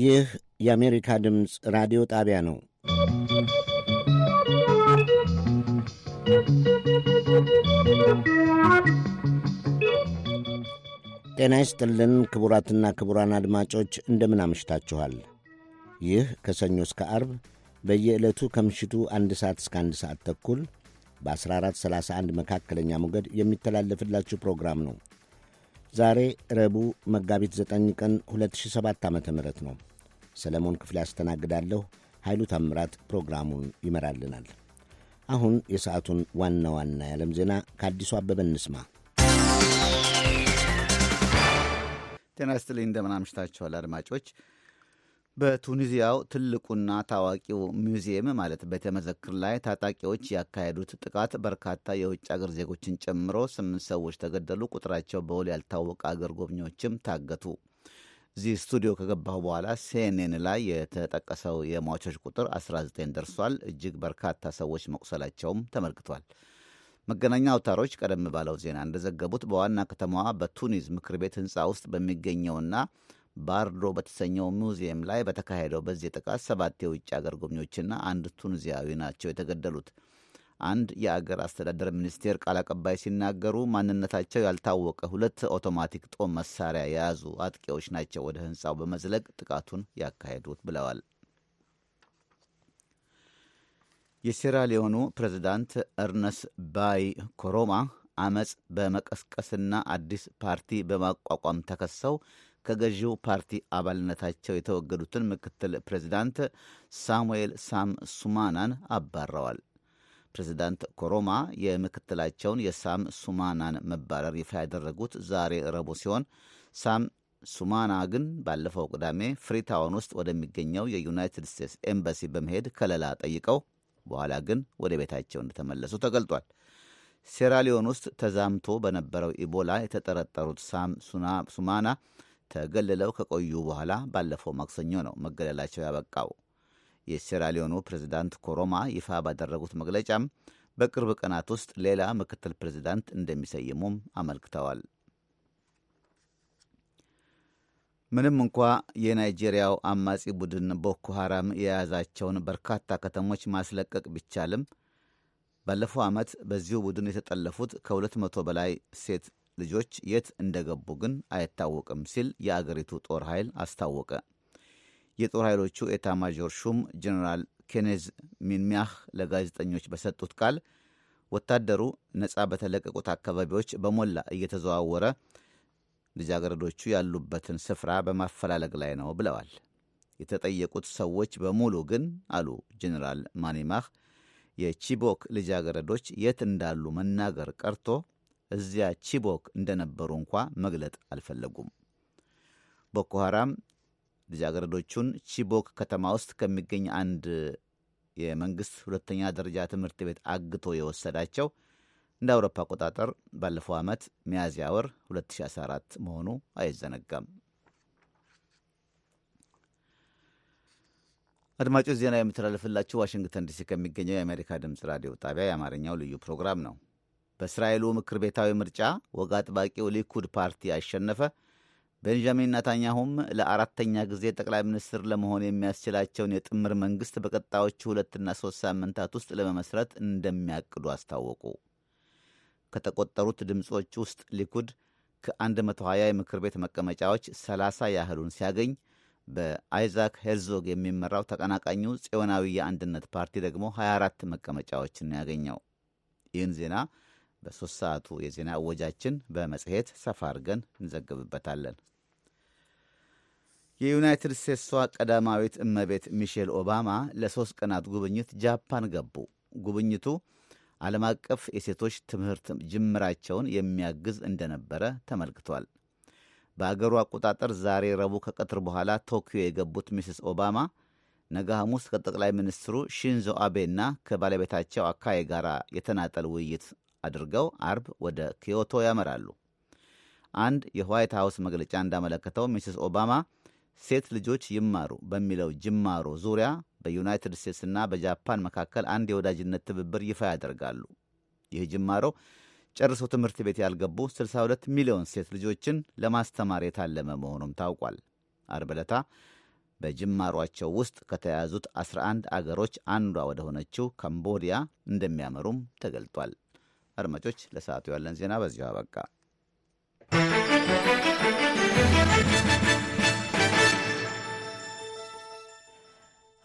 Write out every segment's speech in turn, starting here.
ይህ የአሜሪካ ድምፅ ራዲዮ ጣቢያ ነው። ጤና ይስጥልን ክቡራትና ክቡራን አድማጮች እንደምን አምሽታችኋል። ይህ ከሰኞ እስከ አርብ በየዕለቱ ከምሽቱ አንድ ሰዓት እስከ አንድ ሰዓት ተኩል በ1431 መካከለኛ ሞገድ የሚተላለፍላችሁ ፕሮግራም ነው። ዛሬ ረቡዕ መጋቢት 9 ቀን 2007 ዓ ም ነው። ሰለሞን ክፍል ያስተናግዳለሁ። ኃይሉ ታምራት ፕሮግራሙን ይመራልናል። አሁን የሰዓቱን ዋና ዋና የዓለም ዜና ከአዲሱ አበበ እንስማ። ጤና ይስጥልኝ። እንደምን አምሽታችኋል አድማጮች። በቱኒዚያው ትልቁና ታዋቂው ሚውዚየም ማለት ቤተ መዘክር ላይ ታጣቂዎች ያካሄዱት ጥቃት በርካታ የውጭ አገር ዜጎችን ጨምሮ ስምንት ሰዎች ተገደሉ። ቁጥራቸው በውል ያልታወቀ አገር ጎብኚዎችም ታገቱ። እዚህ ስቱዲዮ ከገባሁ በኋላ ሲኤንኤን ላይ የተጠቀሰው የሟቾች ቁጥር 19 ደርሷል። እጅግ በርካታ ሰዎች መቁሰላቸውም ተመልክቷል። መገናኛ አውታሮች ቀደም ባለው ዜና እንደዘገቡት በዋና ከተማዋ በቱኒዝ ምክር ቤት ሕንፃ ውስጥ በሚገኘውና ባርዶ በተሰኘው ሙዚየም ላይ በተካሄደው በዚህ ጥቃት ሰባት የውጭ አገር ጎብኚዎችና አንድ ቱኒዚያዊ ናቸው የተገደሉት። አንድ የአገር አስተዳደር ሚኒስቴር ቃል አቀባይ ሲናገሩ ማንነታቸው ያልታወቀ ሁለት አውቶማቲክ ጦም መሳሪያ የያዙ አጥቂዎች ናቸው ወደ ሕንፃው በመዝለቅ ጥቃቱን ያካሄዱት ብለዋል። የሴራሊዮኑ ፕሬዚዳንት እርነስ ባይ ኮሮማ አመፅ በመቀስቀስና አዲስ ፓርቲ በማቋቋም ተከሰው ከገዢው ፓርቲ አባልነታቸው የተወገዱትን ምክትል ፕሬዚዳንት ሳሙኤል ሳም ሱማናን አባረዋል። ፕሬዚዳንት ኮሮማ የምክትላቸውን የሳም ሱማናን መባረር ይፋ ያደረጉት ዛሬ ረቡዕ ሲሆን ሳም ሱማና ግን ባለፈው ቅዳሜ ፍሪታውን ውስጥ ወደሚገኘው የዩናይትድ ስቴትስ ኤምባሲ በመሄድ ከለላ ጠይቀው በኋላ ግን ወደ ቤታቸው እንደተመለሱ ተገልጧል። ሴራሊዮን ውስጥ ተዛምቶ በነበረው ኢቦላ የተጠረጠሩት ሳም ሱማና ተገልለው ከቆዩ በኋላ ባለፈው ማክሰኞ ነው መገለላቸው ያበቃው። የሴራሊዮኑ ፕሬዝዳንት ኮሮማ ይፋ ባደረጉት መግለጫም በቅርብ ቀናት ውስጥ ሌላ ምክትል ፕሬዝዳንት እንደሚሰይሙም አመልክተዋል። ምንም እንኳ የናይጄሪያው አማጺ ቡድን ቦኮ ሐራም የያዛቸውን በርካታ ከተሞች ማስለቀቅ ቢቻልም ባለፈው ዓመት በዚሁ ቡድን የተጠለፉት ከ200 በላይ ሴት ልጆች የት እንደገቡ ግን አይታወቅም ሲል የአገሪቱ ጦር ኃይል አስታወቀ። የጦር ኃይሎቹ ኤታ ማጆር ሹም ጀኔራል ኬኔዝ ሚንሚያህ ለጋዜጠኞች በሰጡት ቃል ወታደሩ ነፃ በተለቀቁት አካባቢዎች በሞላ እየተዘዋወረ ልጃገረዶቹ ያሉበትን ስፍራ በማፈላለግ ላይ ነው ብለዋል። የተጠየቁት ሰዎች በሙሉ ግን አሉ ጀኔራል ማኒማህ የቺቦክ ልጃገረዶች የት እንዳሉ መናገር ቀርቶ እዚያ ቺቦክ እንደነበሩ እንኳ መግለጥ አልፈለጉም። ቦኮ ሐራም ልጃገረዶቹን ቺቦክ ከተማ ውስጥ ከሚገኝ አንድ የመንግሥት ሁለተኛ ደረጃ ትምህርት ቤት አግቶ የወሰዳቸው እንደ አውሮፓ አቆጣጠር ባለፈው ዓመት ሚያዝያ ወር 2014 መሆኑ አይዘነጋም። አድማጮች ዜና የሚተላለፍላችሁ ዋሽንግተን ዲሲ ከሚገኘው የአሜሪካ ድምፅ ራዲዮ ጣቢያ የአማርኛው ልዩ ፕሮግራም ነው። በእስራኤሉ ምክር ቤታዊ ምርጫ ወግ አጥባቂው ሊኩድ ፓርቲ አሸነፈ። ቤንጃሚን ናታንያሁም ለአራተኛ ጊዜ ጠቅላይ ሚኒስትር ለመሆን የሚያስችላቸውን የጥምር መንግስት በቀጣዮቹ ሁለትና ሶስት ሳምንታት ውስጥ ለመመስረት እንደሚያቅዱ አስታወቁ። ከተቆጠሩት ድምፆች ውስጥ ሊኩድ ከ120 የምክር ቤት መቀመጫዎች 30 ያህሉን ሲያገኝ በአይዛክ ሄርዞግ የሚመራው ተቀናቃኙ ጽዮናዊ የአንድነት ፓርቲ ደግሞ 24 መቀመጫዎችን ያገኘው። ይህን ዜና በሶስት ሰዓቱ የዜና እወጃችን በመጽሔት ሰፋ አድርገን እንዘግብበታለን። የዩናይትድ ስቴትሷ ቀዳማዊት እመቤት ሚሼል ኦባማ ለሦስት ቀናት ጉብኝት ጃፓን ገቡ። ጉብኝቱ ዓለም አቀፍ የሴቶች ትምህርት ጅምራቸውን የሚያግዝ እንደነበረ ተመልክቷል። በአገሩ አቆጣጠር ዛሬ ረቡዕ ከቀትር በኋላ ቶኪዮ የገቡት ሚስስ ኦባማ ነገ ሐሙስ ከጠቅላይ ሚኒስትሩ ሺንዞ አቤና ከባለቤታቸው አካይ ጋር የተናጠል ውይይት አድርገው አርብ ወደ ኪዮቶ ያመራሉ። አንድ የዋይት ሀውስ መግለጫ እንዳመለከተው ሚስስ ኦባማ ሴት ልጆች ይማሩ በሚለው ጅማሮ ዙሪያ በዩናይትድ ስቴትስና በጃፓን መካከል አንድ የወዳጅነት ትብብር ይፋ ያደርጋሉ። ይህ ጅማሮ ጨርሶ ትምህርት ቤት ያልገቡ 62 ሚሊዮን ሴት ልጆችን ለማስተማር የታለመ መሆኑም ታውቋል። አርብ ዕለታ በጅማሯቸው ውስጥ ከተያዙት 11 አገሮች አንዷ ወደ ሆነችው ካምቦዲያ እንደሚያመሩም ተገልጧል። አድማጮች፣ ለሰዓቱ ያለን ዜና በዚሁ አበቃ።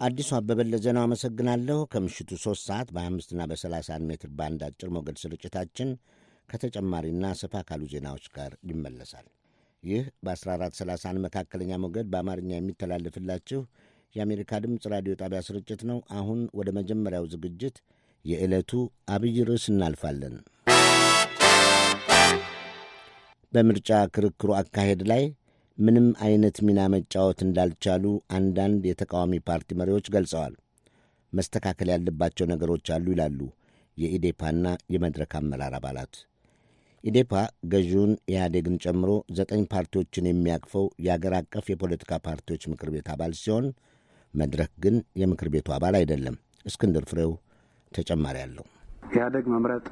አዲሱ አበበን ለዜናው አመሰግናለሁ። ከምሽቱ 3 ሰዓት በ25ና በ31 ሜትር ባንድ አጭር ሞገድ ስርጭታችን ከተጨማሪና ሰፋ ካሉ ዜናዎች ጋር ይመለሳል። ይህ በ1431 መካከለኛ ሞገድ በአማርኛ የሚተላለፍላችሁ የአሜሪካ ድምፅ ራዲዮ ጣቢያ ስርጭት ነው። አሁን ወደ መጀመሪያው ዝግጅት የዕለቱ አብይ ርዕስ እናልፋለን። በምርጫ ክርክሩ አካሄድ ላይ ምንም አይነት ሚና መጫወት እንዳልቻሉ አንዳንድ የተቃዋሚ ፓርቲ መሪዎች ገልጸዋል። መስተካከል ያለባቸው ነገሮች አሉ ይላሉ የኢዴፓና የመድረክ አመራር አባላት። ኢዴፓ ገዢውን ኢህአዴግን ጨምሮ ዘጠኝ ፓርቲዎችን የሚያቅፈው የአገር አቀፍ የፖለቲካ ፓርቲዎች ምክር ቤት አባል ሲሆን መድረክ ግን የምክር ቤቱ አባል አይደለም። እስክንድር ፍሬው ተጨማሪ አለው። ኢህአዴግ መምረጥ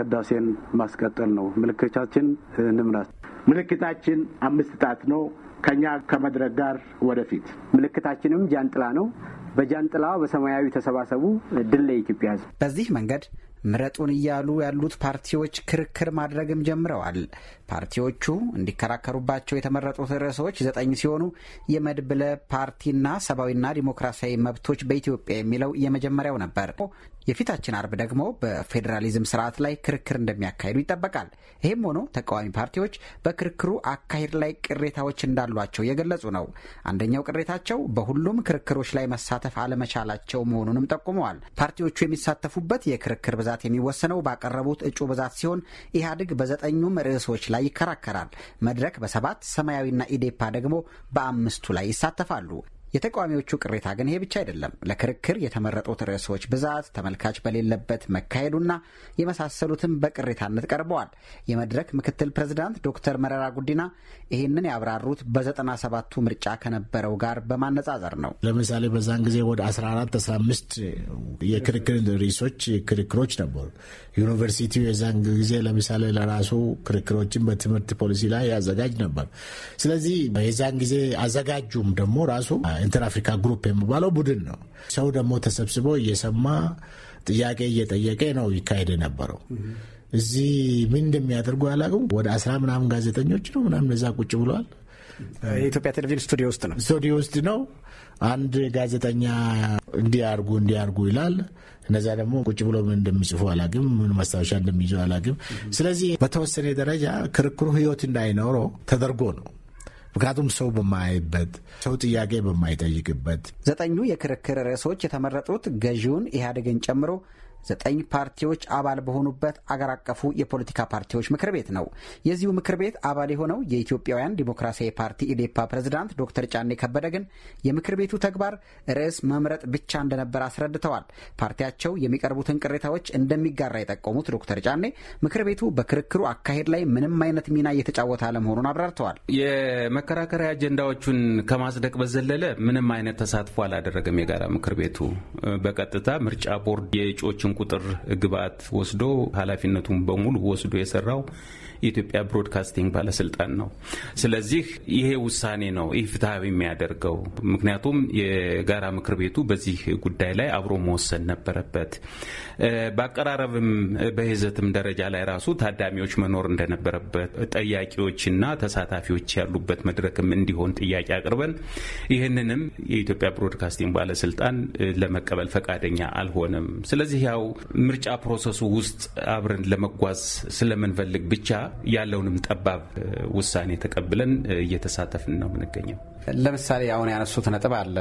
ህዳሴን ማስቀጠል ነው። ምልክቻችን እንምራት። ምልክታችን አምስት ጣት ነው። ከኛ ከመድረክ ጋር ወደፊት ምልክታችንም ጃንጥላ ነው። በጃንጥላ በሰማያዊ ተሰባሰቡ። ድል ለኢትዮጵያ በዚህ መንገድ ምረጡን እያሉ ያሉት ፓርቲዎች ክርክር ማድረግም ጀምረዋል። ፓርቲዎቹ እንዲከራከሩባቸው የተመረጡት ርዕሶች ዘጠኝ ሲሆኑ የመድብለ ፓርቲና ሰብአዊና ዲሞክራሲያዊ መብቶች በኢትዮጵያ የሚለው የመጀመሪያው ነበር። የፊታችን አርብ ደግሞ በፌዴራሊዝም ስርዓት ላይ ክርክር እንደሚያካሂዱ ይጠበቃል። ይህም ሆኖ ተቃዋሚ ፓርቲዎች በክርክሩ አካሄድ ላይ ቅሬታዎች እንዳሏቸው የገለጹ ነው። አንደኛው ቅሬታቸው በሁሉም ክርክሮች ላይ መሳተፍ አለመቻላቸው መሆኑንም ጠቁመዋል። ፓርቲዎቹ የሚሳተፉበት የክርክር ብዛት ብዛት የሚወሰነው ባቀረቡት እጩ ብዛት ሲሆን ኢህአዴግ በዘጠኙም ርዕሶች ላይ ይከራከራል። መድረክ በሰባት ሰማያዊና ኢዴፓ ደግሞ በአምስቱ ላይ ይሳተፋሉ። የተቃዋሚዎቹ ቅሬታ ግን ይሄ ብቻ አይደለም። ለክርክር የተመረጡት ርዕሶች ብዛት፣ ተመልካች በሌለበት መካሄዱና የመሳሰሉትም በቅሬታነት ቀርበዋል። የመድረክ ምክትል ፕሬዝዳንት ዶክተር መረራ ጉዲና ይህንን ያብራሩት በዘጠና ሰባቱ ምርጫ ከነበረው ጋር በማነጻጸር ነው። ለምሳሌ በዛን ጊዜ ወደ 14 15 የክርክር ርዕሶች ክርክሮች ነበሩ። ዩኒቨርሲቲው የዛን ጊዜ ለምሳሌ ለራሱ ክርክሮችን በትምህርት ፖሊሲ ላይ ያዘጋጅ ነበር። ስለዚህ የዛን ጊዜ አዘጋጁም ደግሞ ራሱ ኢንተር አፍሪካ ግሩፕ የሚባለው ቡድን ነው። ሰው ደግሞ ተሰብስቦ እየሰማ ጥያቄ እየጠየቀ ነው ይካሄድ የነበረው። እዚህ ምን እንደሚያደርጉ አላውቅም። ወደ አስራ ምናምን ጋዜጠኞች ነው ምናምን እዛ ቁጭ ብለዋል። የኢትዮጵያ ቴሌቪዥን ስቱዲዮ ውስጥ ነው ስቱዲዮ ውስጥ ነው። አንድ ጋዜጠኛ እንዲያርጉ እንዲያርጉ ይላል። እነዛ ደግሞ ቁጭ ብሎ ምን እንደሚጽፉ አላግም፣ ምን ማስታወሻ እንደሚይዙ አላግም። ስለዚህ በተወሰነ ደረጃ ክርክሩ ህይወት እንዳይኖረው ተደርጎ ነው ምክንያቱም ሰው በማያይበት ሰው ጥያቄ በማይጠይቅበት ዘጠኙ የክርክር ርዕሶች የተመረጡት ገዢውን ኢህአዴግን ጨምሮ ዘጠኝ ፓርቲዎች አባል በሆኑበት አገር አቀፉ የፖለቲካ ፓርቲዎች ምክር ቤት ነው። የዚሁ ምክር ቤት አባል የሆነው የኢትዮጵያውያን ዲሞክራሲያዊ ፓርቲ ኢዴፓ ፕሬዝዳንት ዶክተር ጫኔ ከበደ ግን የምክር ቤቱ ተግባር ርዕስ መምረጥ ብቻ እንደነበር አስረድተዋል። ፓርቲያቸው የሚቀርቡትን ቅሬታዎች እንደሚጋራ የጠቆሙት ዶክተር ጫኔ ምክር ቤቱ በክርክሩ አካሄድ ላይ ምንም አይነት ሚና እየተጫወተ አለመሆኑን አብራርተዋል። የመከራከሪያ አጀንዳዎቹን ከማጽደቅ በዘለለ ምንም አይነት ተሳትፎ አላደረገም። የጋራ ምክር ቤቱ በቀጥታ ምርጫ ቦርድ የእጩዎችን ቁጥር ግብአት ወስዶ ኃላፊነቱን በሙሉ ወስዶ የሰራው የኢትዮጵያ ብሮድካስቲንግ ባለስልጣን ነው። ስለዚህ ይሄ ውሳኔ ነው ይህ ኢፍትሐዊ የሚያደርገው። ምክንያቱም የጋራ ምክር ቤቱ በዚህ ጉዳይ ላይ አብሮ መወሰን ነበረበት። በአቀራረብም በይዘትም ደረጃ ላይ ራሱ ታዳሚዎች መኖር እንደነበረበት፣ ጠያቂዎችና ተሳታፊዎች ያሉበት መድረክም እንዲሆን ጥያቄ አቅርበን ይህንንም የኢትዮጵያ ብሮድካስቲንግ ባለስልጣን ለመቀበል ፈቃደኛ አልሆነም። ስለዚህ ያው ምርጫ ፕሮሰሱ ውስጥ አብረን ለመጓዝ ስለምንፈልግ ብቻ ያለውንም ጠባብ ውሳኔ ተቀብለን እየተሳተፍን ነው የምንገኘው። ለምሳሌ አሁን ያነሱት ነጥብ አለ፣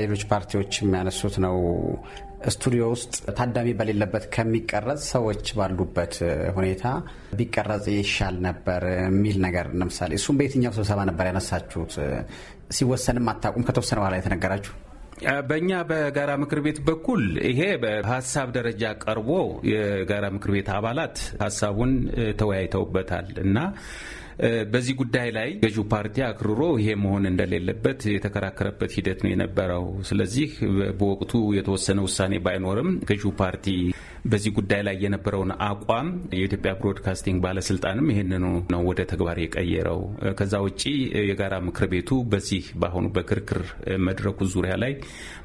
ሌሎች ፓርቲዎች የሚያነሱት ነው። ስቱዲዮ ውስጥ ታዳሚ በሌለበት ከሚቀረጽ ሰዎች ባሉበት ሁኔታ ቢቀረጽ ይሻል ነበር የሚል ነገር ለምሳሌ እሱም በየትኛው ስብሰባ ነበር ያነሳችሁት? ሲወሰንም አታውቁም? ከተወሰነ በኋላ የተነገራችሁ በእኛ በጋራ ምክር ቤት በኩል ይሄ በሀሳብ ደረጃ ቀርቦ የጋራ ምክር ቤት አባላት ሀሳቡን ተወያይተውበታል እና በዚህ ጉዳይ ላይ ገዢው ፓርቲ አክርሮ ይሄ መሆን እንደሌለበት የተከራከረበት ሂደት ነው የነበረው። ስለዚህ በወቅቱ የተወሰነ ውሳኔ ባይኖርም ገዢው ፓርቲ በዚህ ጉዳይ ላይ የነበረውን አቋም የኢትዮጵያ ብሮድካስቲንግ ባለስልጣንም ይህንኑ ነው ወደ ተግባር የቀየረው። ከዛ ውጭ የጋራ ምክር ቤቱ በዚህ በአሁኑ በክርክር መድረኩ ዙሪያ ላይ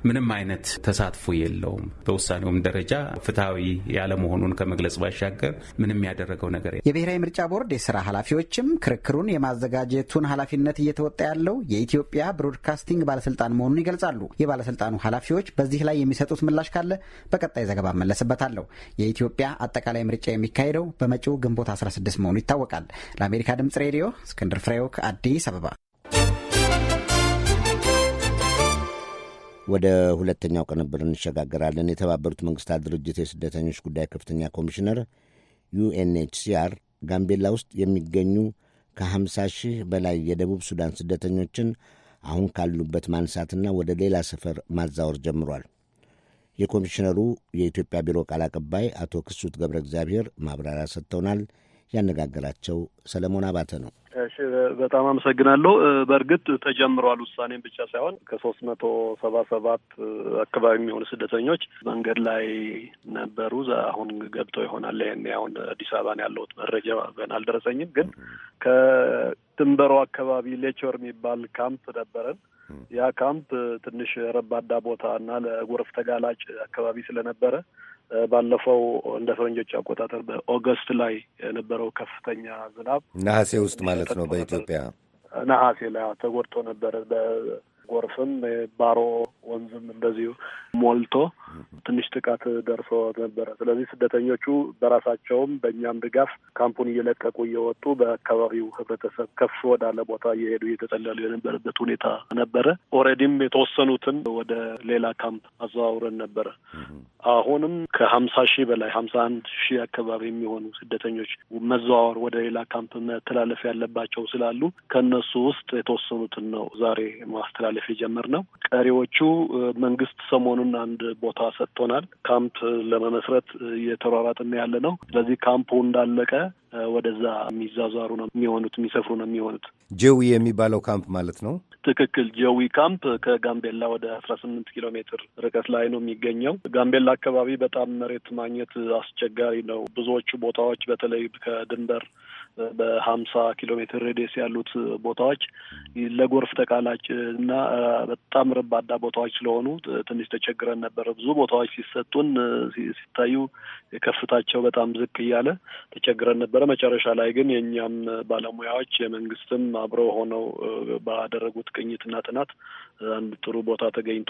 ምንም አይነት ተሳትፎ የለውም። በውሳኔውም ደረጃ ፍትሐዊ ያለመሆኑን ከመግለጽ ባሻገር ምንም ያደረገው ነገር የብሔራዊ ምርጫ ቦርድ የስራ ኃላፊዎችም ክርክሩን የማዘጋጀቱን ኃላፊነት እየተወጣ ያለው የኢትዮጵያ ብሮድካስቲንግ ባለስልጣን መሆኑን ይገልጻሉ። የባለስልጣኑ ኃላፊዎች በዚህ ላይ የሚሰጡት ምላሽ ካለ በቀጣይ ዘገባ መለስበታለሁ። የኢትዮጵያ አጠቃላይ ምርጫ የሚካሄደው በመጪው ግንቦት 16 መሆኑ ይታወቃል። ለአሜሪካ ድምጽ ሬዲዮ እስክንድር ፍሬው ከአዲስ አበባ። ወደ ሁለተኛው ቅንብር እንሸጋገራለን። የተባበሩት መንግስታት ድርጅት የስደተኞች ጉዳይ ከፍተኛ ኮሚሽነር ዩኤንኤችሲአር ጋምቤላ ውስጥ የሚገኙ ከ50 ሺህ በላይ የደቡብ ሱዳን ስደተኞችን አሁን ካሉበት ማንሳትና ወደ ሌላ ሰፈር ማዛወር ጀምሯል። የኮሚሽነሩ የኢትዮጵያ ቢሮ ቃል አቀባይ አቶ ክሱት ገብረ እግዚአብሔር ማብራሪያ ሰጥተውናል። ያነጋገራቸው ሰለሞን አባተ ነው። እሺ በጣም አመሰግናለሁ። በእርግጥ ተጀምረዋል። ውሳኔም ብቻ ሳይሆን ከሶስት መቶ ሰባ ሰባት አካባቢ የሚሆኑ ስደተኞች መንገድ ላይ ነበሩ። አሁን ገብተው ይሆናል። ይህን አሁን አዲስ አበባን ያለሁት መረጃ ገና አልደረሰኝም፣ ግን ከድንበሮ አካባቢ ሌቸር የሚባል ካምፕ ነበረን ያ ካምፕ ትንሽ ረባዳ ቦታ እና ለጎርፍ ተጋላጭ አካባቢ ስለነበረ ባለፈው እንደ ፈረንጆች አቆጣጠር በኦገስት ላይ የነበረው ከፍተኛ ዝናብ ነሐሴ ውስጥ ማለት ነው በኢትዮጵያ ነሐሴ ላይ ተጎድቶ ነበረ። ጎርፍም ባሮ ወንዝም እንደዚሁ ሞልቶ ትንሽ ጥቃት ደርሶ ነበረ። ስለዚህ ስደተኞቹ በራሳቸውም በእኛም ድጋፍ ካምፑን እየለቀቁ እየወጡ በአካባቢው ህብረተሰብ ከፍ ወዳለ ቦታ እየሄዱ እየተጠለሉ የነበረበት ሁኔታ ነበረ። ኦልሬዲም የተወሰኑትን ወደ ሌላ ካምፕ አዘዋውረን ነበረ። አሁንም ከሀምሳ ሺህ በላይ ሀምሳ አንድ ሺህ አካባቢ የሚሆኑ ስደተኞች መዘዋወር ወደ ሌላ ካምፕ መተላለፍ ያለባቸው ስላሉ ከእነሱ ውስጥ የተወሰኑትን ነው ዛሬ ማስተላለፍ ማስተላለፍ የጀመርነው። ቀሪዎቹ መንግስት ሰሞኑን አንድ ቦታ ሰጥቶናል፣ ካምፕ ለመመስረት እየተሯሯጥን ያለ ነው። ስለዚህ ካምፑ እንዳለቀ ወደዛ የሚዛዛሩ ነው የሚሆኑት፣ የሚሰፍሩ ነው የሚሆኑት። ጀዊ የሚባለው ካምፕ ማለት ነው። ትክክል። ጀዊ ካምፕ ከጋምቤላ ወደ አስራ ስምንት ኪሎ ሜትር ርቀት ላይ ነው የሚገኘው። ጋምቤላ አካባቢ በጣም መሬት ማግኘት አስቸጋሪ ነው። ብዙዎቹ ቦታዎች በተለይ ከድንበር በሀምሳ ኪሎ ሜትር ሬዲየስ ያሉት ቦታዎች ለጎርፍ ተቃላጭ እና በጣም ረባዳ ቦታዎች ስለሆኑ ትንሽ ተቸግረን ነበረ። ብዙ ቦታዎች ሲሰጡን ሲታዩ ከፍታቸው በጣም ዝቅ እያለ ተቸግረን ነበረ። መጨረሻ ላይ ግን የእኛም ባለሙያዎች የመንግስትም አብረው ሆነው ባደረጉት ቅኝትና ጥናት አንድ ጥሩ ቦታ ተገኝቶ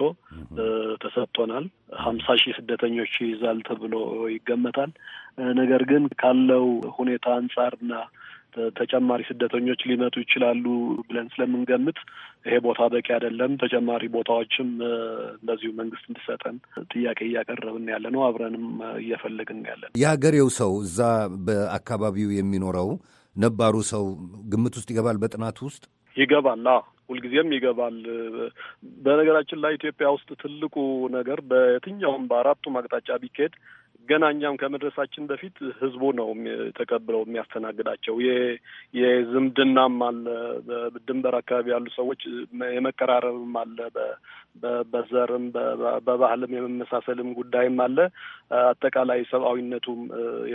ተሰጥቶናል። ሀምሳ ሺህ ስደተኞች ይይዛል ተብሎ ይገመታል። ነገር ግን ካለው ሁኔታ አንጻርና ተጨማሪ ስደተኞች ሊመጡ ይችላሉ ብለን ስለምንገምት ይሄ ቦታ በቂ አይደለም፣ ተጨማሪ ቦታዎችም እንደዚሁ መንግስት እንዲሰጠን ጥያቄ እያቀረብን ያለ ነው። አብረንም እየፈለግን ያለ ነው። የሀገሬው ሰው እዛ በአካባቢው የሚኖረው ነባሩ ሰው ግምት ውስጥ ይገባል፣ በጥናቱ ውስጥ ይገባል። ሁልጊዜም ይገባል። በነገራችን ላይ ኢትዮጵያ ውስጥ ትልቁ ነገር በየትኛውም በአራቱም አቅጣጫ ቢካሄድ ገና እኛም ከመድረሳችን በፊት ህዝቡ ነው ተቀብለው የሚያስተናግዳቸው። የዝምድናም አለ፣ ድንበር አካባቢ ያሉ ሰዎች የመቀራረብም አለ፣ በዘርም በባህልም የመመሳሰልም ጉዳይም አለ። አጠቃላይ ሰብአዊነቱም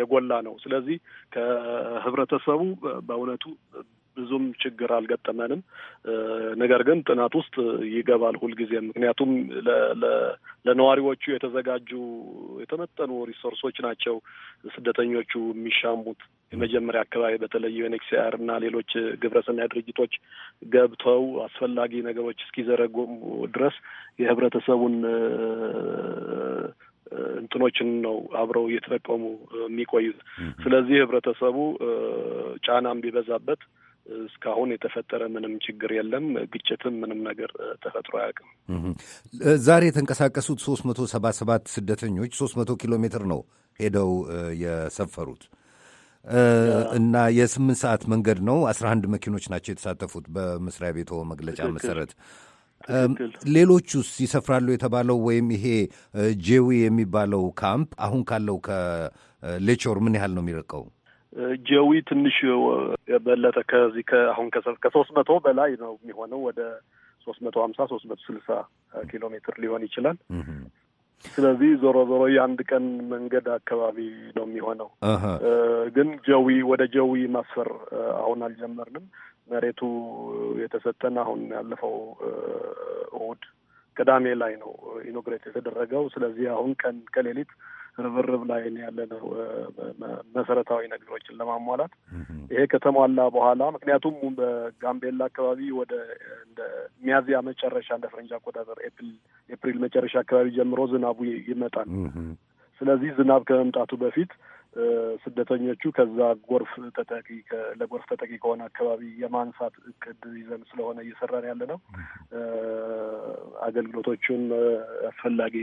የጎላ ነው። ስለዚህ ከህብረተሰቡ በእውነቱ ብዙም ችግር አልገጠመንም። ነገር ግን ጥናት ውስጥ ይገባል ሁልጊዜ። ምክንያቱም ለነዋሪዎቹ የተዘጋጁ የተመጠኑ ሪሶርሶች ናቸው ስደተኞቹ የሚሻሙት። የመጀመሪያ አካባቢ በተለይ ዩኤንኤችሲአር እና ሌሎች ግብረሰናይ ድርጅቶች ገብተው አስፈላጊ ነገሮች እስኪዘረጉም ድረስ የህብረተሰቡን እንትኖችን ነው አብረው እየተጠቀሙ የሚቆዩት። ስለዚህ ህብረተሰቡ ጫናም ቢበዛበት እስካሁን የተፈጠረ ምንም ችግር የለም። ግጭትም ምንም ነገር ተፈጥሮ አያውቅም። ዛሬ የተንቀሳቀሱት ሶስት መቶ ሰባ ሰባት ስደተኞች ሶስት መቶ ኪሎ ሜትር ነው ሄደው የሰፈሩት እና የስምንት ሰዓት መንገድ ነው። አስራ አንድ መኪኖች ናቸው የተሳተፉት በመስሪያ ቤቶ መግለጫ መሰረት። ሌሎቹስ ይሰፍራሉ የተባለው ወይም ይሄ ጄዊ የሚባለው ካምፕ አሁን ካለው ከሌቾር ምን ያህል ነው የሚርቀው? ጀዊ ትንሽ የበለጠ ከዚህ አሁን ከሶስት መቶ በላይ ነው የሚሆነው ወደ ሶስት መቶ ሀምሳ ሶስት መቶ ስልሳ ኪሎ ሜትር ሊሆን ይችላል። ስለዚህ ዞሮ ዞሮ የአንድ ቀን መንገድ አካባቢ ነው የሚሆነው። ግን ጀዊ ወደ ጀዊ ማስፈር አሁን አልጀመርንም። መሬቱ የተሰጠን አሁን ያለፈው እሁድ ቅዳሜ ላይ ነው ኢኖግሬት የተደረገው። ስለዚህ አሁን ቀን ከሌሊት ርብርብ ላይ ያለ ነው መሰረታዊ ነገሮችን ለማሟላት። ይሄ ከተሟላ በኋላ ምክንያቱም በጋምቤላ አካባቢ ወደ እንደ ሚያዝያ መጨረሻ እንደ ፈረንጅ አቆጣጠር ኤፕሪል ኤፕሪል መጨረሻ አካባቢ ጀምሮ ዝናቡ ይመጣል። ስለዚህ ዝናብ ከመምጣቱ በፊት ስደተኞቹ ከዛ ጎርፍ ተጠቂ ለጎርፍ ተጠቂ ከሆነ አካባቢ የማንሳት እቅድ ይዘን ስለሆነ እየሰራን ያለ ነው። አገልግሎቶቹን አስፈላጊ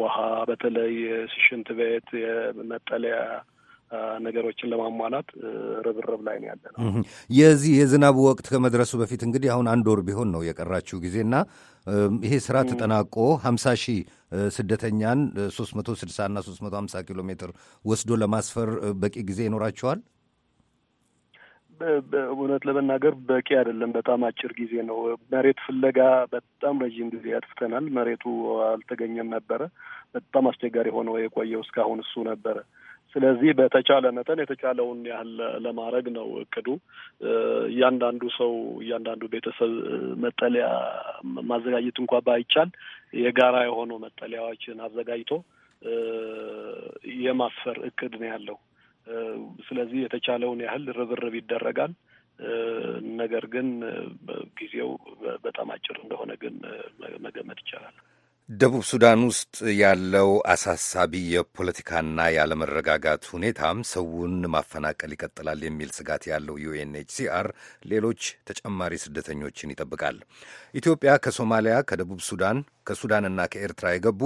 ውሃ፣ በተለይ ሽንት ቤት፣ የመጠለያ ነገሮችን ለማሟላት ርብርብ ላይ ነው ያለ ነው። የዚህ የዝናቡ ወቅት ከመድረሱ በፊት እንግዲህ አሁን አንድ ወር ቢሆን ነው የቀራችው ጊዜና ይሄ ስራ ተጠናቆ ሀምሳ ሺህ ስደተኛን 360 እና ሀምሳ ኪሎ ሜትር ወስዶ ለማስፈር በቂ ጊዜ ይኖራቸዋል። እውነት ለመናገር በቂ አይደለም። በጣም አጭር ጊዜ ነው። መሬት ፍለጋ በጣም ረዥም ጊዜ አጥፍተናል። መሬቱ አልተገኘም ነበረ። በጣም አስቸጋሪ ሆኖ የቆየው እስካሁን እሱ ነበረ። ስለዚህ በተቻለ መጠን የተቻለውን ያህል ለማድረግ ነው እቅዱ። እያንዳንዱ ሰው እያንዳንዱ ቤተሰብ መጠለያ ማዘጋጀት እንኳ ባይቻል የጋራ የሆኑ መጠለያዎችን አዘጋጅቶ የማስፈር እቅድ ነው ያለው። ስለዚህ የተቻለውን ያህል ርብርብ ይደረጋል። ነገር ግን ጊዜው በጣም አጭር እንደሆነ ግን መገመት ይቻላል። ደቡብ ሱዳን ውስጥ ያለው አሳሳቢ የፖለቲካና ያለመረጋጋት ሁኔታም ሰውን ማፈናቀል ይቀጥላል የሚል ስጋት ያለው ዩኤንኤችሲአር ሌሎች ተጨማሪ ስደተኞችን ይጠብቃል። ኢትዮጵያ ከሶማሊያ፣ ከደቡብ ሱዳን፣ ከሱዳንና ከኤርትራ የገቡ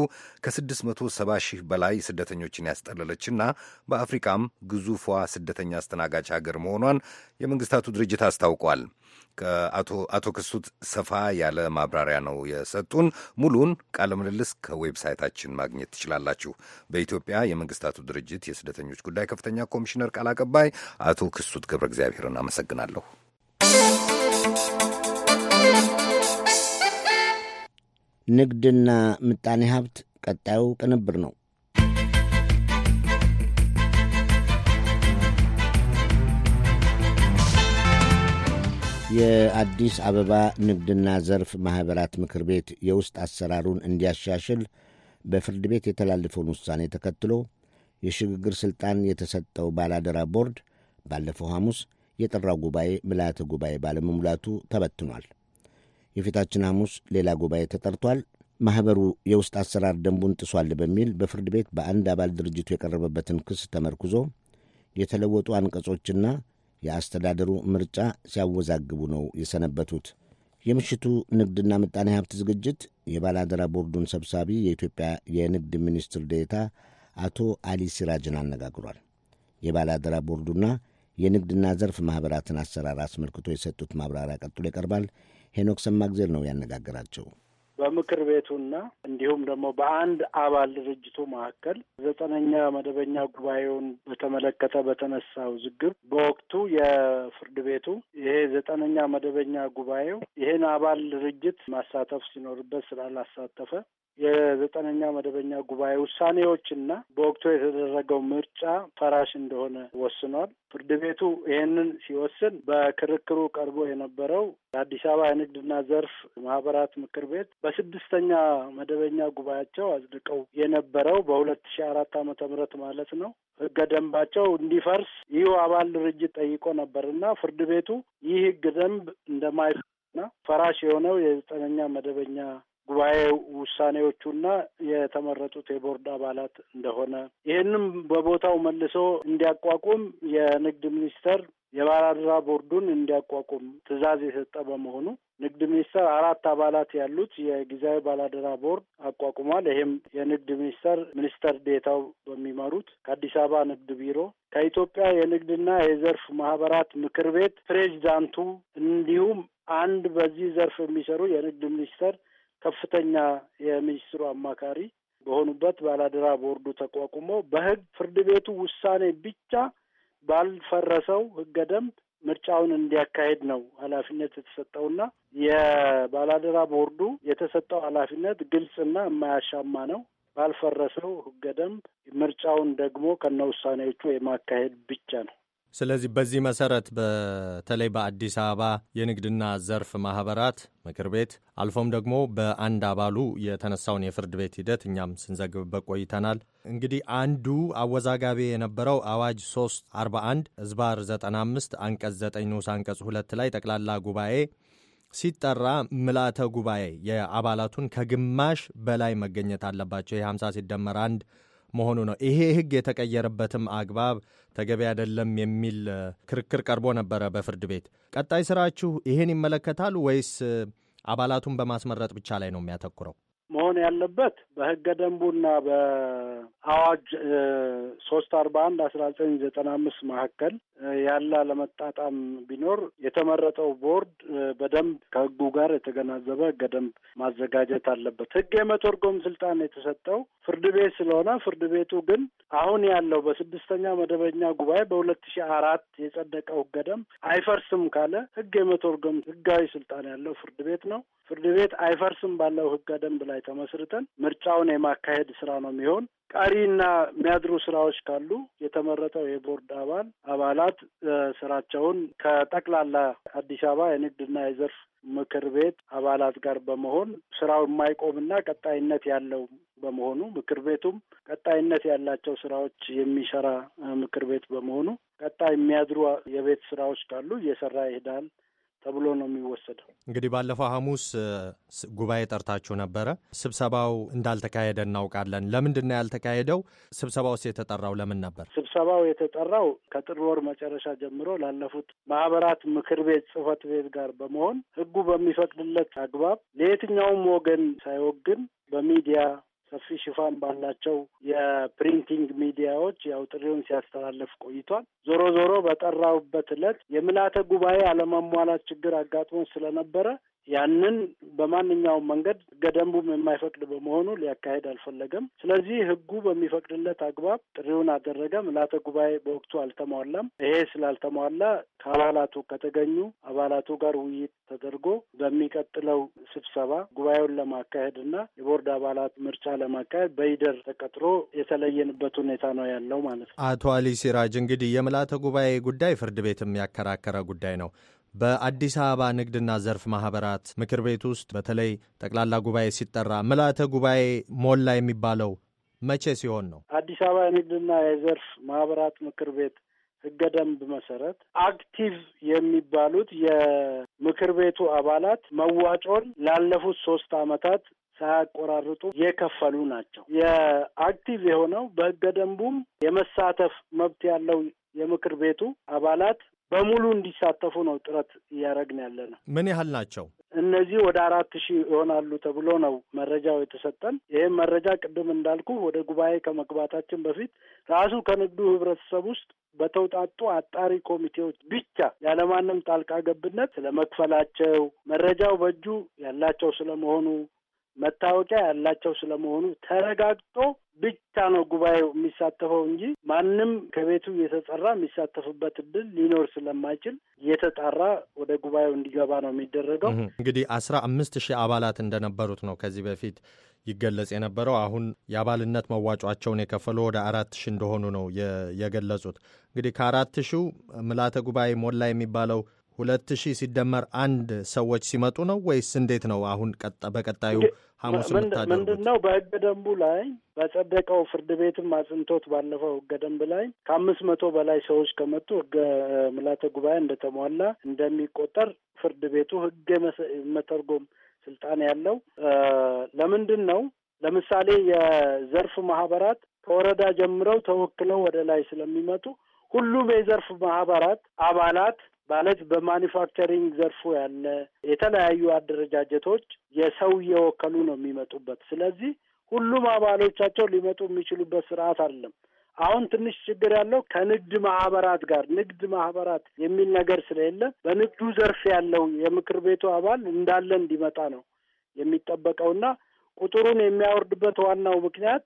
ከ670 ሺህ በላይ ስደተኞችን ያስጠለለችና በአፍሪካም ግዙፏ ስደተኛ አስተናጋጅ ሀገር መሆኗን የመንግስታቱ ድርጅት አስታውቋል። ከአቶ ክሱት ሰፋ ያለ ማብራሪያ ነው የሰጡን። ሙሉን ቃለ ምልልስ ከዌብሳይታችን ማግኘት ትችላላችሁ። በኢትዮጵያ የመንግስታቱ ድርጅት የስደተኞች ጉዳይ ከፍተኛ ኮሚሽነር ቃል አቀባይ አቶ ክሱት ገብረ እግዚአብሔርን አመሰግናለሁ። ንግድና ምጣኔ ሀብት ቀጣዩ ቅንብር ነው። የአዲስ አበባ ንግድና ዘርፍ ማኅበራት ምክር ቤት የውስጥ አሰራሩን እንዲያሻሽል በፍርድ ቤት የተላለፈውን ውሳኔ ተከትሎ የሽግግር ሥልጣን የተሰጠው ባላደራ ቦርድ ባለፈው ሐሙስ የጠራው ጉባኤ ምልአተ ጉባኤ ባለመሙላቱ ተበትኗል። የፊታችን ሐሙስ ሌላ ጉባኤ ተጠርቷል። ማኅበሩ የውስጥ አሰራር ደንቡን ጥሷል በሚል በፍርድ ቤት በአንድ አባል ድርጅቱ የቀረበበትን ክስ ተመርኩዞ የተለወጡ አንቀጾችና የአስተዳደሩ ምርጫ ሲያወዛግቡ ነው የሰነበቱት። የምሽቱ ንግድና ምጣኔ ሀብት ዝግጅት የባላደራ ቦርዱን ሰብሳቢ የኢትዮጵያ የንግድ ሚኒስትር ዴታ አቶ አሊ ሲራጅን አነጋግሯል። የባላደራ ቦርዱና የንግድና ዘርፍ ማኅበራትን አሰራር አስመልክቶ የሰጡት ማብራሪያ ቀጥሎ ይቀርባል። ሄኖክ ሰማግዜር ነው ያነጋገራቸው። በምክር ቤቱና እንዲሁም ደግሞ በአንድ አባል ድርጅቱ መካከል ዘጠነኛ መደበኛ ጉባኤውን በተመለከተ በተነሳው ውዝግብ በወቅቱ የፍርድ ቤቱ ይሄ ዘጠነኛ መደበኛ ጉባኤው ይሄን አባል ድርጅት ማሳተፍ ሲኖርበት ስላላሳተፈ የዘጠነኛ መደበኛ ጉባኤ ውሳኔዎችና በወቅቱ የተደረገው ምርጫ ፈራሽ እንደሆነ ወስኗል። ፍርድ ቤቱ ይህንን ሲወስን በክርክሩ ቀርቦ የነበረው የአዲስ አበባ የንግድና ዘርፍ ማህበራት ምክር ቤት በስድስተኛ መደበኛ ጉባኤያቸው አጽድቀው የነበረው በሁለት ሺ አራት ዓመተ ምህረት ማለት ነው ህገ ደንባቸው እንዲፈርስ ይህ አባል ድርጅት ጠይቆ ነበርና ፍርድ ቤቱ ይህ ህገ ደንብ እንደማይፈና ፈራሽ የሆነው የዘጠነኛ መደበኛ ጉባኤ ውሳኔዎቹና የተመረጡት የቦርድ አባላት እንደሆነ ይህንም በቦታው መልሶ እንዲያቋቁም የንግድ ሚኒስቴር የባላድራ ቦርዱን እንዲያቋቁም ትዕዛዝ የሰጠ በመሆኑ ንግድ ሚኒስቴር አራት አባላት ያሉት የጊዜያዊ ባላደራ ቦርድ አቋቁሟል። ይህም የንግድ ሚኒስቴር ሚኒስተር ዴታው በሚመሩት ከአዲስ አበባ ንግድ ቢሮ፣ ከኢትዮጵያ የንግድና የዘርፍ ማህበራት ምክር ቤት ፕሬዚዳንቱ፣ እንዲሁም አንድ በዚህ ዘርፍ የሚሰሩ የንግድ ሚኒስቴር ከፍተኛ የሚኒስትሩ አማካሪ በሆኑበት ባላደራ ቦርዱ ተቋቁሞ በህግ ፍርድ ቤቱ ውሳኔ ብቻ ባልፈረሰው ህገ ደንብ ምርጫውን እንዲያካሄድ ነው ኃላፊነት የተሰጠውና የባላደራ ቦርዱ የተሰጠው ኃላፊነት ግልጽና የማያሻማ ነው። ባልፈረሰው ህገ ደንብ ምርጫውን ደግሞ ከነ ውሳኔዎቹ የማካሄድ ብቻ ነው። ስለዚህ በዚህ መሰረት በተለይ በአዲስ አበባ የንግድና ዘርፍ ማህበራት ምክር ቤት አልፎም ደግሞ በአንድ አባሉ የተነሳውን የፍርድ ቤት ሂደት እኛም ስንዘግብበት ቆይተናል። እንግዲህ አንዱ አወዛጋቢ የነበረው አዋጅ 341 እዝባር 95 አንቀጽ 9 ንዑስ አንቀጽ 2 ላይ ጠቅላላ ጉባኤ ሲጠራ ምልአተ ጉባኤ የአባላቱን ከግማሽ በላይ መገኘት አለባቸው። የ 50 ሲደመር አንድ መሆኑ ነው። ይሄ ህግ የተቀየረበትም አግባብ ተገቢ አይደለም የሚል ክርክር ቀርቦ ነበረ በፍርድ ቤት። ቀጣይ ስራችሁ ይሄን ይመለከታል ወይስ አባላቱን በማስመረጥ ብቻ ላይ ነው የሚያተኩረው? መሆን ያለበት በህገ ደንቡና በአዋጅ ሶስት አርባ አንድ አስራ ዘጠኝ ዘጠና አምስት መካከል ያለ አለመጣጣም ቢኖር የተመረጠው ቦርድ በደንብ ከህጉ ጋር የተገናዘበ ህገ ደንብ ማዘጋጀት አለበት። ህግ የመተርጎም ስልጣን የተሰጠው ፍርድ ቤት ስለሆነ ፍርድ ቤቱ ግን አሁን ያለው በስድስተኛ መደበኛ ጉባኤ በሁለት ሺ አራት የጸደቀው ህገ ደንብ አይፈርስም ካለ ህግ የመተርጎም ህጋዊ ስልጣን ያለው ፍርድ ቤት ነው። ፍርድ ቤት አይፈርስም ባለው ህገ ደንብ ላይ ላይ ተመስርተን ምርጫውን የማካሄድ ስራ ነው የሚሆን። ቀሪና የሚያድሩ ስራዎች ካሉ የተመረጠው የቦርድ አባል አባላት ስራቸውን ከጠቅላላ አዲስ አበባ የንግድና የዘርፍ ምክር ቤት አባላት ጋር በመሆን ስራው የማይቆምና ቀጣይነት ያለው በመሆኑ ምክር ቤቱም ቀጣይነት ያላቸው ስራዎች የሚሰራ ምክር ቤት በመሆኑ ቀጣይ የሚያድሩ የቤት ስራዎች ካሉ እየሰራ ይሄዳል ተብሎ ነው የሚወሰደው። እንግዲህ ባለፈው ሐሙስ ጉባኤ ጠርታችሁ ነበረ። ስብሰባው እንዳልተካሄደ እናውቃለን። ለምንድን ነው ያልተካሄደው? ስብሰባውስ የተጠራው ለምን ነበር? ስብሰባው የተጠራው ከጥር ወር መጨረሻ ጀምሮ ላለፉት ማህበራት ምክር ቤት ጽህፈት ቤት ጋር በመሆን ህጉ በሚፈቅድለት አግባብ ለየትኛውም ወገን ሳይወግን በሚዲያ ሰፊ ሽፋን ባላቸው የፕሪንቲንግ ሚዲያዎች ያው ጥሪውን ሲያስተላልፍ ቆይቷል። ዞሮ ዞሮ በጠራውበት ዕለት የምላተ ጉባኤ አለመሟላት ችግር አጋጥሞ ስለነበረ ያንን በማንኛውም መንገድ ገደንቡም የማይፈቅድ በመሆኑ ሊያካሄድ አልፈለገም። ስለዚህ ህጉ በሚፈቅድለት አግባብ ጥሪውን አደረገ። ምልዓተ ጉባኤ በወቅቱ አልተሟላም። ይሄ ስላልተሟላ ከአባላቱ ከተገኙ አባላቱ ጋር ውይይት ተደርጎ በሚቀጥለው ስብሰባ ጉባኤውን ለማካሄድ እና የቦርድ አባላት ምርጫ ለማካሄድ በይደር ተቀጥሮ የተለየንበት ሁኔታ ነው ያለው ማለት ነው። አቶ አሊ ሲራጅ እንግዲህ የምልዓተ ጉባኤ ጉዳይ ፍርድ ቤትም ያከራከረ ጉዳይ ነው። በአዲስ አበባ ንግድና ዘርፍ ማህበራት ምክር ቤት ውስጥ በተለይ ጠቅላላ ጉባኤ ሲጠራ ምልዓተ ጉባኤ ሞላ የሚባለው መቼ ሲሆን ነው? አዲስ አበባ የንግድና የዘርፍ ማህበራት ምክር ቤት ህገደንብ ደንብ መሰረት አክቲቭ የሚባሉት የምክር ቤቱ አባላት መዋጮን ላለፉት ሶስት አመታት ሳያቆራርጡ የከፈሉ ናቸው። የአክቲቭ የሆነው በህገደንቡም ደንቡም የመሳተፍ መብት ያለው የምክር ቤቱ አባላት በሙሉ እንዲሳተፉ ነው ጥረት እያደረግን ያለ ነው። ምን ያህል ናቸው? እነዚህ ወደ አራት ሺህ ይሆናሉ ተብሎ ነው መረጃው የተሰጠን። ይህም መረጃ ቅድም እንዳልኩ ወደ ጉባኤ ከመግባታችን በፊት ራሱ ከንግዱ ህብረተሰብ ውስጥ በተውጣጡ አጣሪ ኮሚቴዎች ብቻ ያለማንም ጣልቃ ገብነት ስለመክፈላቸው፣ መረጃው በእጁ ያላቸው ስለመሆኑ፣ መታወቂያ ያላቸው ስለመሆኑ ተረጋግጦ ነው ጉባኤው የሚሳተፈው እንጂ ማንም ከቤቱ የተጠራ የሚሳተፍበት እድል ሊኖር ስለማይችል እየተጣራ ወደ ጉባኤው እንዲገባ ነው የሚደረገው። እንግዲህ አስራ አምስት ሺህ አባላት እንደነበሩት ነው ከዚህ በፊት ይገለጽ የነበረው አሁን የአባልነት መዋጯቸውን የከፈሉ ወደ አራት ሺህ እንደሆኑ ነው የገለጹት። እንግዲህ ከአራት ሺው ምልዓተ ጉባኤ ሞላ የሚባለው ሁለት ሺህ ሲደመር አንድ ሰዎች ሲመጡ ነው ወይስ እንዴት ነው? አሁን በቀጣዩ ሐሙስ ምንድን ነው? በህገ ደንቡ ላይ በጸደቀው ፍርድ ቤትም አጽንቶት ባለፈው ህገ ደንብ ላይ ከአምስት መቶ በላይ ሰዎች ከመጡ ህገ ምላተ ጉባኤ እንደተሟላ እንደሚቆጠር ፍርድ ቤቱ ህግ መተርጎም ስልጣን ያለው ለምንድን ነው? ለምሳሌ የዘርፍ ማህበራት ከወረዳ ጀምረው ተወክለው ወደ ላይ ስለሚመጡ ሁሉም የዘርፍ ማህበራት አባላት ማለት በማኒፋክቸሪንግ ዘርፉ ያለ የተለያዩ አደረጃጀቶች የሰው እየወከሉ ነው የሚመጡበት። ስለዚህ ሁሉም አባሎቻቸው ሊመጡ የሚችሉበት ስርዓት አለም። አሁን ትንሽ ችግር ያለው ከንግድ ማህበራት ጋር ንግድ ማህበራት የሚል ነገር ስለሌለ በንግዱ ዘርፍ ያለው የምክር ቤቱ አባል እንዳለ እንዲመጣ ነው የሚጠበቀውና ቁጥሩን የሚያወርድበት ዋናው ምክንያት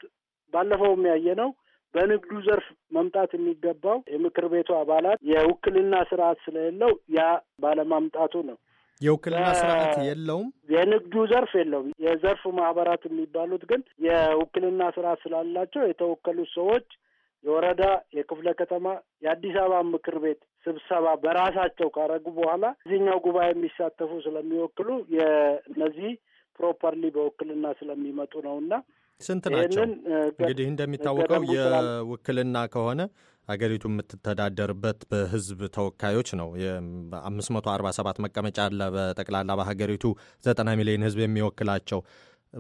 ባለፈው የሚያየ ነው በንግዱ ዘርፍ መምጣት የሚገባው የምክር ቤቱ አባላት የውክልና ስርዓት ስለሌለው ያ ባለማምጣቱ ነው። የውክልና ስርዓት የለውም። የንግዱ ዘርፍ የለውም። የዘርፍ ማህበራት የሚባሉት ግን የውክልና ስርዓት ስላላቸው የተወከሉ ሰዎች የወረዳ፣ የክፍለ ከተማ፣ የአዲስ አበባ ምክር ቤት ስብሰባ በራሳቸው ካረጉ በኋላ እዚህኛው ጉባኤ የሚሳተፉ ስለሚወክሉ የእነዚህ ፕሮፐርሊ በውክልና ስለሚመጡ ነው እና ስንት ናቸው? እንግዲህ እንደሚታወቀው የውክልና ከሆነ አገሪቱ የምትተዳደርበት በህዝብ ተወካዮች ነው። የ547 መቀመጫ አለ በጠቅላላ በሀገሪቱ 90 ሚሊዮን ህዝብ የሚወክላቸው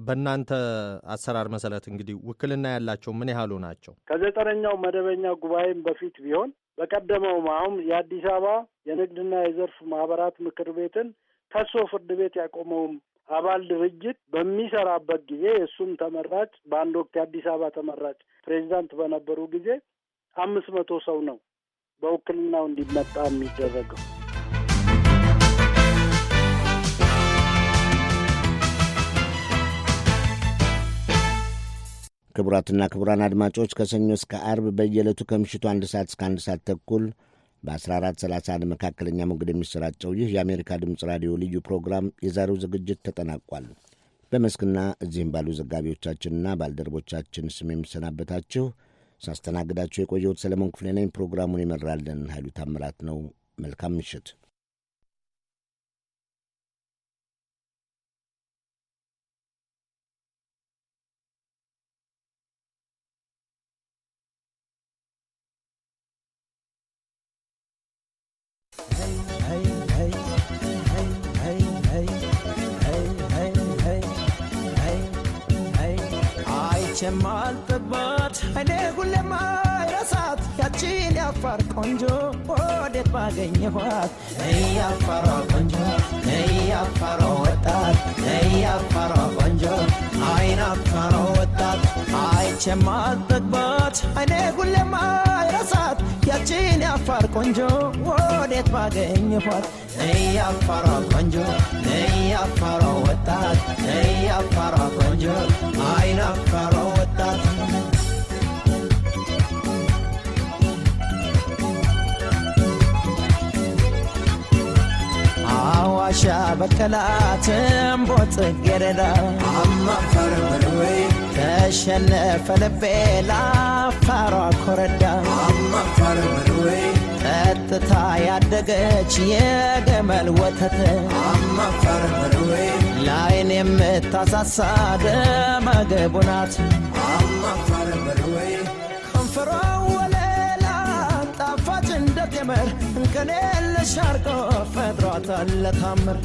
በእናንተ አሰራር መሰረት እንግዲህ ውክልና ያላቸው ምን ያህሉ ናቸው? ከዘጠነኛው መደበኛ ጉባኤም በፊት ቢሆን በቀደመውም አሁን የአዲስ አበባ የንግድና የዘርፍ ማህበራት ምክር ቤትን ከሶ ፍርድ ቤት ያቆመውም አባል ድርጅት በሚሰራበት ጊዜ የእሱም ተመራጭ በአንድ ወቅት የአዲስ አበባ ተመራጭ ፕሬዚዳንት በነበሩ ጊዜ አምስት መቶ ሰው ነው በውክልናው እንዲመጣ የሚደረገው። ክቡራትና ክቡራን አድማጮች ከሰኞ እስከ አርብ በየዕለቱ ከምሽቱ አንድ ሰዓት እስከ አንድ ሰዓት ተኩል በ 1431 መካከለኛ ሞገድ የሚሰራጨው ይህ የአሜሪካ ድምፅ ራዲዮ ልዩ ፕሮግራም የዛሬው ዝግጅት ተጠናቋል። በመስክና እዚህም ባሉ ዘጋቢዎቻችንና ባልደረቦቻችን ስም የምሰናበታችሁ ሳስተናግዳችሁ የቆየሁት ሰለሞን ክፍሌ ነኝ። ፕሮግራሙን ይመራልን ኃይሉ ታምራት ነው። መልካም ምሽት። የማልጥባት አይኔ ሁሌም አይረሳት ያቺን ያፋር ቆንጆ ወዴት ባገኘኋት ነይ ያፋሯ ቆንጆ ነይ ወጣት ነይ ያፋሯ ቆንጆ አይን አፋሯ ወጣት አይቼ የማልጥባት አይኔ ሁሌም አይረሳት ያቺን ያፋር ቆንጆ ወዴት ባገኘኋት ነይ ቆንጆ ነይ ወጣት ነይ ቆንጆ አይን በከላትን ቦጥ የረዳ ተሸነፈ ልቤ ላፋሯ ኮረዳ ጠጥታ ያደገች የገመል ወተት ላይን የምታሳሳ ደመ ገቡ ከንፈሯ ጀመር እንከን የለሽ ፈጥሯታል ለታምር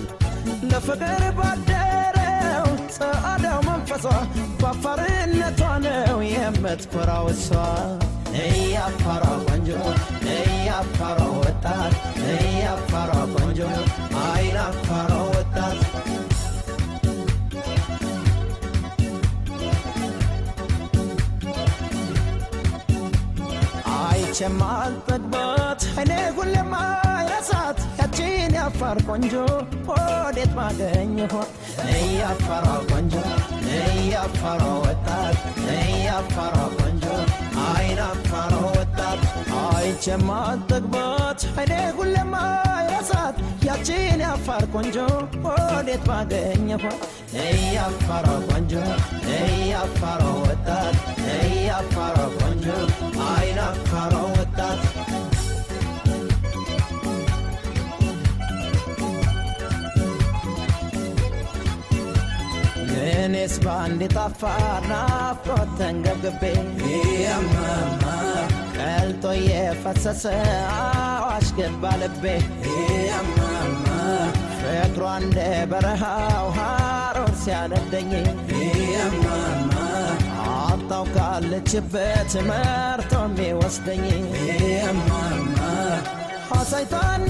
ለፍቅር ባደረው ጸዳው መንፈሷ በአፋርነቷ ነው የምትኮራው እሷ ነይ አፋሯ ቆንጆ ነይ አፋሯ ወጣት ነይ አፋሯ ቆንጆ አይን አፋሯ ወጣት አይቼ እኔ ሁሌማ ያሳት ያቺን ያፋር ቆንጆ ወዴት ባገኝ ሆን ያፋሯ ቆንጆ ያፋሯ ወጣት ያፋሯ ቆንጆ አይን አፋሯ ወጣት አይቼማ አጠግባት እኔ ሁሌማ ያሳት ያቺን ያፋር ቆንጆ ወዴት ባገኝ ሆን ያፋሯ ቆንጆ ያፋሯ ወጣት ያፋሯ ቆንጆ አይን አፋሯ እኔስ በአንድ የጣፋ ናፍቆት ተንገብግቤ ቀልጦ የፈሰሰ አዋሽ ገባ ልቤ ያማማ እንደ በረሃ ውሃ ሮር ሲያነደኝ ያማማ አጣው ካለችበት መርቶም ይወስደኝ ያማማ ሆሳይታና